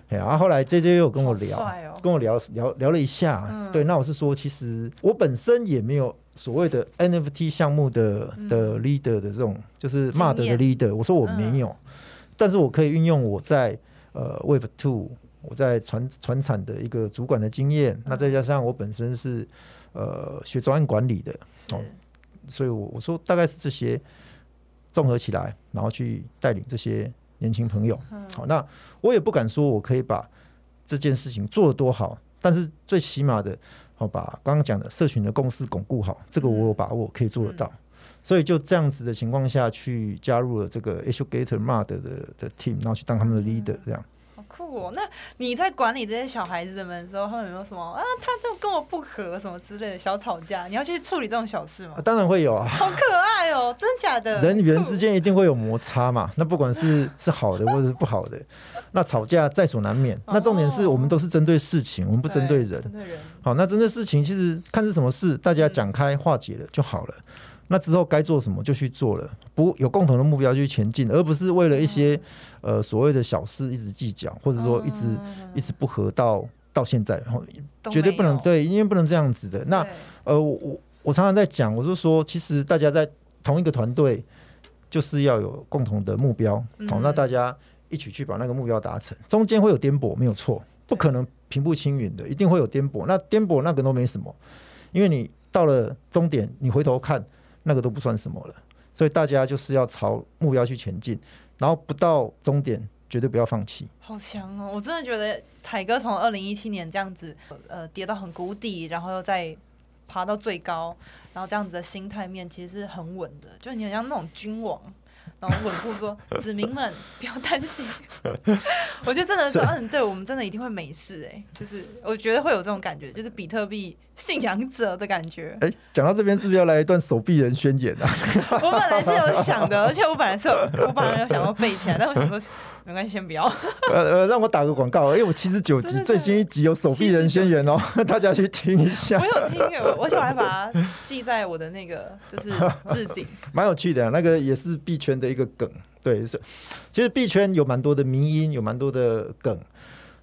哎、嗯，然後、啊、後來 JJ 又跟我聊，哦、跟我聊聊聊了一下，嗯、對，那我是說，其實我本身也沒有所謂的 NFT 項目的的 leader 的這種，嗯、就是 mod 的 leader，驗我說我沒有，嗯、但是我可以運用我在呃 Web Two，我在傳傳產的一個主管的經驗，嗯、那再加上我本身是。呃，學專案管理的，哦，是所以我，我我說大概是這些，綜合起來，然後去帶領這些年輕朋友。好、嗯哦，那我也不敢說我可以把這件事情做得多好，但是最起碼的，好、哦、把剛剛講的社群的共識鞏固好，這個我有把握可以做得到。嗯、所以就這樣子的情況下去加入了這個 a s s e l e r a t o r Mod 的的 team，然後去當他們的 leader，、嗯、這樣。酷，哦，那你在管理這些小孩子們的時候，他們有沒有什麼啊？他就跟我不和什麼之類的，小吵架，你要去處理這種小事嗎？啊、當然會有，啊，好可愛哦，真的假的？人與人之間一定會有摩擦嘛，酷那不管是是好的或者是不好的， 那吵架在所難免。哦、那重點是我們都是針對事情，我們不針對人。對，針對人。好，那針對事情，其實看是什麼事，大家講開化解了就好了。嗯。那之後該做什麼就去做了，不有共同的目標就去前進，而不是為了一些、嗯、呃所謂的小事一直計較，或者說一直、嗯、一直不合到到現在，然後絕對不能對，因為不能這樣子的。對那呃我我常常在講，我就說，其實大家在同一個團隊，就是要有共同的目標，好、嗯哦，那大家一起去把那個目標達成。中間會有顛簸，沒有錯，不可能平步青雲的，對一定會有顛簸。那顛簸那個都沒什麼，因為你到了終點，你回頭看。那個都不算什麼了，所以大家就是要朝目標去前進，然後不到終點絕對不要放棄。好強哦！我真的覺得海哥從二零一七年這樣子，呃，跌到很谷底，然後又再爬到最高，然後這樣子的心態面其實是很穩的，就你很像那種君王。穩固說，子民們不要擔心。 我就真的說，嗯是，啊、對，我們真的一定會沒事哎、欸。就是我覺得會有這種感覺，就是比特幣信仰者的感覺。誒講到這邊是不是要來一段手臂人宣言啊？ 我本來是有想的，而且我本來是，我本來有想要背起來，但為什麼？沒關係，先不要。 呃呃，讓我打個廣告，因、欸、為我七十九集是是最新一集有手、喔《手臂人宣言》哦，大家去聽一下。我沒有聽，我我喜歡把它記在我的那個，就是置頂。蠻 有趣的、啊，那個也是幣圈的一個梗，對，是。其實幣圈有蠻多的迷因，有蠻多的梗。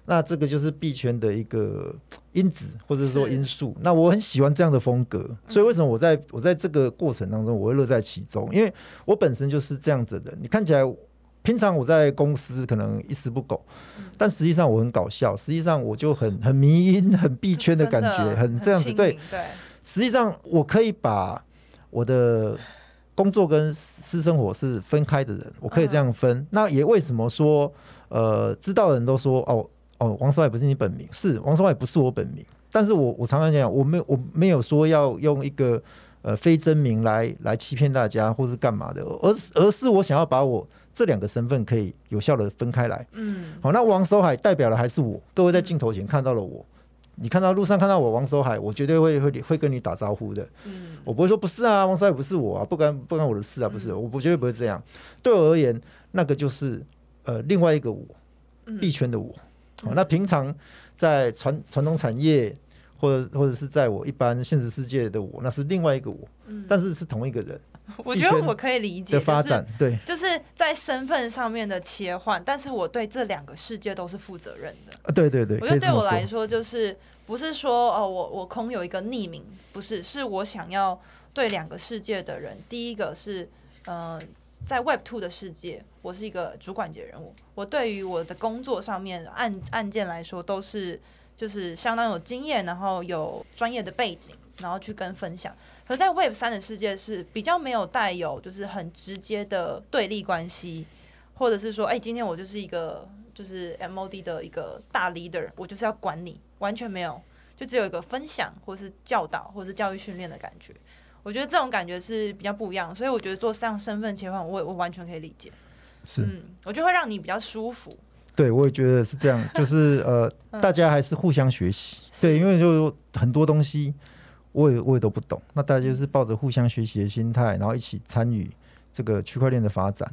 那這個就是幣圈的一個因子，或者是說因素。是那我很喜歡這樣的風格，所以為什麼我在我在這個過程當中，我會樂在其中？嗯、因為我本身就是這樣子的。你看起來。平常我在公司可能一絲不苟，嗯、但實際上我很搞笑。實際上我就很很迷因、很幣圈的感覺，很這樣子。對，對實際上我可以把我的工作跟私生活是分開的人，我可以這樣分。嗯、那也為什麼說呃，知道的人都說哦哦，王守海不是你本名，是王守海不是我本名。但是我我常常講，我沒我沒有說要用一個呃非真名來來欺騙大家，或是幹嘛的，而而是我想要把我。這兩個身份可以有效地分開來。嗯，好、哦，那王守海代表的還是我。各位在鏡頭前看到了我，你看到路上看到我王守海，我絕對會會會跟你打招呼的。嗯，我不會說不是啊，王守海不是我啊，不關不關我的事啊，不是，我我絕對不會這樣。嗯、對我而言，那個就是呃另外一個我，幣圈的我。好、嗯哦，那平常在傳傳統產業，或者或者是在我一般現實世界的我，那是另外一個我。嗯，但是是同一個人。嗯我覺得我可以理解的發展，就是，對，就是在身份上面的切換，但是我對這兩個世界都是負責任的。對對對，我覺得對我來說就是說，不是說哦，我我空有一個匿名，不是，是我想要對兩個世界的人，第一個是呃，在 Web Two 的世界，我是一個主管級人物，我對於我的工作上面案案件來說都是就是相當有經驗，然後有專業的背景，然後去跟分享。我在 Web 三的世界是比較沒有帶有就是很直接的對立關係，或者是說，哎、欸，今天我就是一個就是 MOD 的一個大 leader，我就是要管你，完全沒有，就只有一個分享或是教導或者是教育訓練的感覺。我覺得這種感覺是比較不一樣的，所以我覺得做這樣身份切換，我我完全可以理解。是，嗯，我就會讓你比較舒服。對，我也覺得是這樣， 就是呃，大家還是互相學習。嗯、對，因為就很多東西。我也我也都不懂，那大家就是抱着互相學習的心態，然後一起參與這個區塊鏈的發展。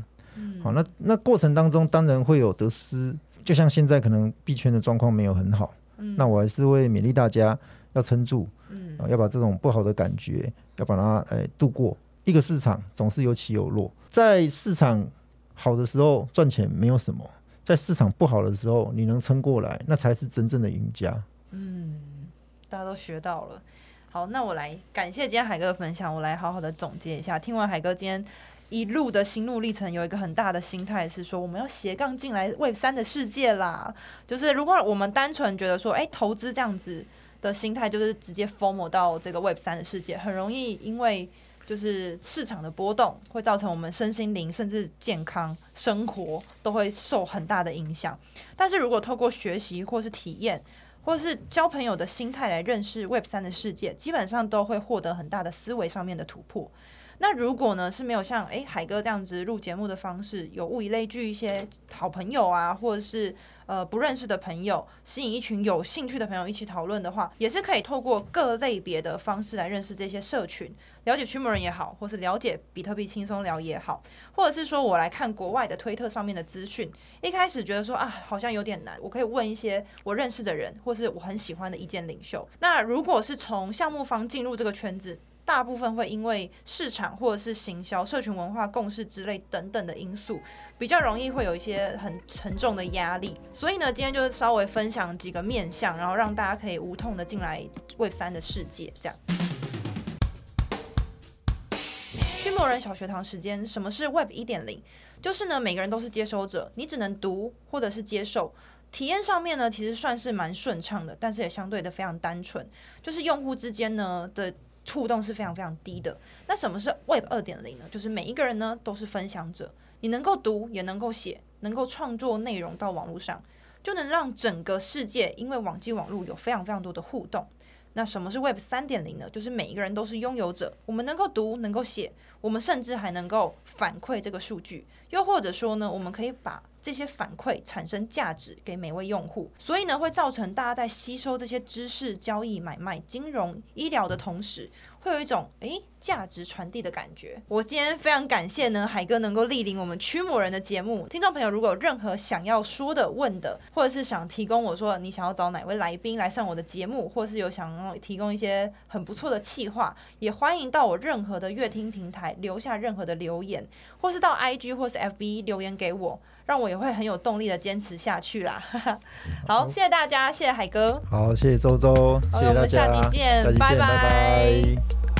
好、嗯啊，那那過程當中當然會有得失，就像現在可能幣圈的狀況沒有很好。嗯，那我還是會勉勵大家要撐住，嗯、啊，要把這種不好的感覺要把它哎度過。一個市場總是有起有落，在市場好的時候賺錢沒有什麼，在市場不好的時候你能撐過來，那才是真正的贏家。嗯，大家都學到了。好，那我來感謝今天海哥的分享。我來好好的總結一下，聽完海哥今天一路的心路歷程，有一個很大的心態是說，我們要斜槓進來 Web 三的世界啦。就是如果我們單純覺得說，誒、欸、投資這樣子的心態，就是直接 FOMO 到這個 Web 三的世界，很容易因為就是市場的波動，會造成我們身心靈甚至健康生活都會受很大的影響。但是如果透過學習或是體驗，或者是交朋友的心態來認識 Web 三的世界，基本上都會獲得很大的思維上面的突破。那如果呢，是沒有像誒、欸、海哥這樣子錄節目的方式，有物以類聚一些好朋友啊，或者是呃不認識的朋友，吸引一群有興趣的朋友一起討論的話，也是可以透過各類別的方式來認識這些社群，了解區魔人也好，或是了解比特幣輕鬆聊也好，或者是說我來看國外的推特上面的資訊，一開始覺得說啊好像有點難，我可以問一些我認識的人，或是我很喜歡的意見領袖。那如果是從項目方進入這個圈子。大部分會因為市場或者是行銷、社群文化共識之類等等的因素，比較容易會有一些很沉重的壓力。所以呢，今天就稍微分享幾個面向，然後讓大家可以無痛的進來 Web 三的世界。這樣，區魔 人小學堂時間，什麼是 Web 一點零？就是呢，每個人都是接收者，你只能讀或者是接受。體驗上面呢，其實算是蠻順暢的，但是也相對的非常單純，就是用戶之間呢的。觸動是非常非常低的。那什麼是 Web 二點零呢？就是每一個人呢都是分享者，你能夠讀也能夠寫，能夠創作內容到網絡上，就能讓整個世界因為網際網路有非常非常多的互動。那什麼是 Web 三點零呢？就是每一個人都是擁有者，我們能夠讀能夠寫。我們甚至還能夠反饋這個數據，又或者說呢，我們可以把這些反饋產生價值給每位用戶，所以呢，會造成大家在吸收這些知識、交易、買賣、金融、醫療的同時，會有一種哎價值傳遞的感覺。我今天非常感謝呢，海哥能夠蒞臨我們《區魔人》的節目。聽眾朋友，如果有任何想要說的、問的，或者是想提供我說你想要找哪位來賓來上我的節目，或者是有想要提供一些很不錯的企劃，也歡迎到我任何的樂聽平台。留下任何的留言，或是到 IG 或是 FB 留言給我，讓我也會很有動力的堅持下去啦。 好，好謝謝大家，好謝謝海哥，好，謝謝周周，好 Okay,，我們下期見，期見拜拜。拜拜。